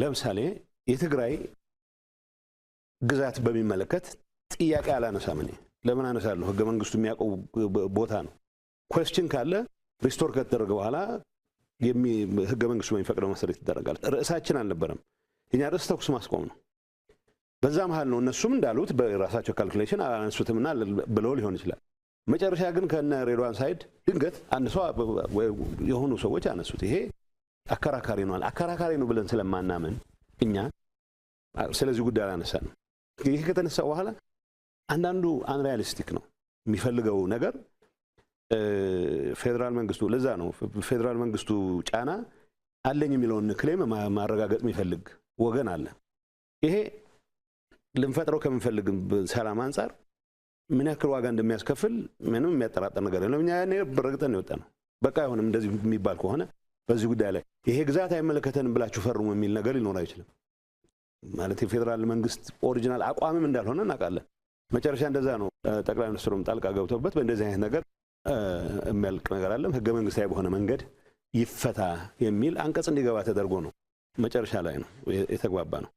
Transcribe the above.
ለምሳሌ የትግራይ ግዛት በሚመለከት ጥያቄ አላነሳም። እኔ ለምን አነሳለሁ? ህገ መንግስቱ የሚያውቀው ቦታ ነው። ኮስችን ካለ ሪስቶር ከተደረገ በኋላ ህገ መንግስቱ በሚፈቅደው መሰረት ይደረጋል። ርዕሳችን አልነበረም። የኛ ርዕስ ተኩስ ማስቆም ነው። በዛ መሀል ነው እነሱም እንዳሉት በራሳቸው ካልኩሌሽን አላነሱትምና ብለው ሊሆን ይችላል። መጨረሻ ግን ከነ ሬድዋን ሳይድ ድንገት አንድ ሰው የሆኑ ሰዎች አነሱት። ይሄ አከራካሪ ነዋል አከራካሪ ነው ብለን ስለማናምን እኛ ስለዚህ ጉዳይ አላነሳ ነው። ይህ ከተነሳ በኋላ አንዳንዱ አንሪያሊስቲክ ነው የሚፈልገው ነገር ፌዴራል መንግስቱ። ለዛ ነው ፌዴራል መንግስቱ ጫና አለኝ የሚለውን ክሌም ማረጋገጥ የሚፈልግ ወገን አለ። ይሄ ልንፈጥረው ከምንፈልግ ሰላም አንጻር ምን ያክል ዋጋ እንደሚያስከፍል ምንም የሚያጠራጠር ነገር የለም። እኛ ያኔ ነው የወጣ ነው። በቃ አይሆንም እንደዚህ የሚባል ከሆነ በዚህ ጉዳይ ላይ ይሄ ግዛት አይመለከተንም ብላችሁ ፈርሙ የሚል ነገር ሊኖር አይችልም። ማለት የፌዴራል መንግስት ኦሪጂናል አቋምም እንዳልሆነ እናውቃለን። መጨረሻ እንደዛ ነው። ጠቅላይ ሚኒስትሩም ጣልቃ ገብተውበት በእንደዚህ አይነት ነገር የሚያልቅ ነገር አለም ህገ መንግስታዊ በሆነ መንገድ ይፈታ የሚል አንቀጽ እንዲገባ ተደርጎ ነው። መጨረሻ ላይ ነው የተግባባ ነው።